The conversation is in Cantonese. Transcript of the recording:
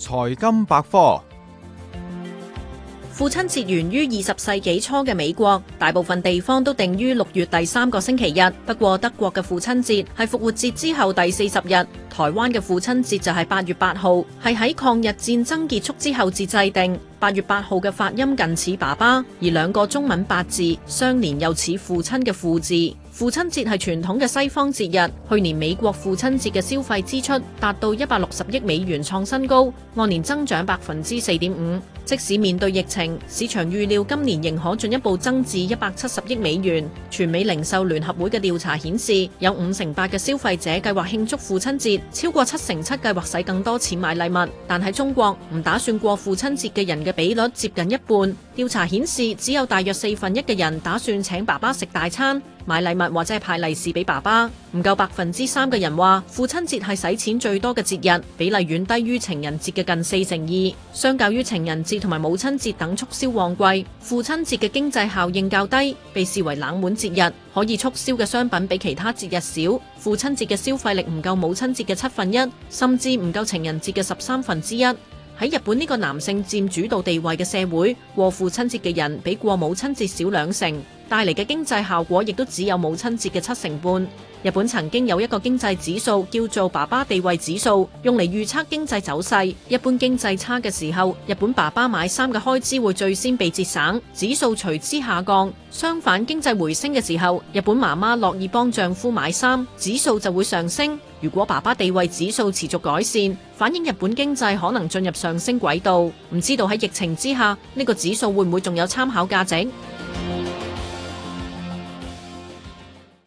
財金百科。父親節源於二十世紀初嘅美國，大部分地方都定於六月第三個星期日。不過，德國嘅父親節係復活節之後第四十日。台灣嘅父親節就係八月八號，係喺抗日戰爭結束之後至制定。八月八號嘅發音近似爸爸，而兩個中文八字相連又似父親嘅父字。父親節係傳統嘅西方節日。去年美國父親節嘅消費支出達到一百六十億美元，創新高，按年增長百分之四點五。即使面對疫情，市場預料今年仍可進一步增至一百七十億美元。全美零售聯合會嘅調查顯示，有五成八嘅消費者計劃慶祝父親節，超過七成七計劃使更多錢買禮物，但喺中國唔打算過父親節嘅人嘅比率接近一半。調查顯示，只有大約四分一嘅人打算請爸爸食大餐。買禮物或者係派利是俾爸爸，唔夠百分之三嘅人話父親節係使錢最多嘅節日，比例遠低於情人節嘅近四成二。相較於情人節同埋母親節等促銷旺季，父親節嘅經濟效應較低，被視為冷門節日。可以促銷嘅商品比其他節日少，父親節嘅消費力唔夠母親節嘅七分一，甚至唔夠情人節嘅十三分之一。喺日本呢個男性占主導地位嘅社會，過父親節嘅人比過母親節少兩成。帶嚟嘅經濟效果亦都只有母親節嘅七成半。日本曾經有一個經濟指數叫做爸爸地位指數，用嚟預測經濟走勢。一般經濟差嘅時候，日本爸爸買衫嘅開支會最先被節省，指數隨之下降。相反，經濟回升嘅時候，日本媽媽樂意幫丈夫買衫，指數就會上升。如果爸爸地位指數持續改善，反映日本經濟可能進入上升軌道。唔知道喺疫情之下，呢個指數會唔會仲有參考價值？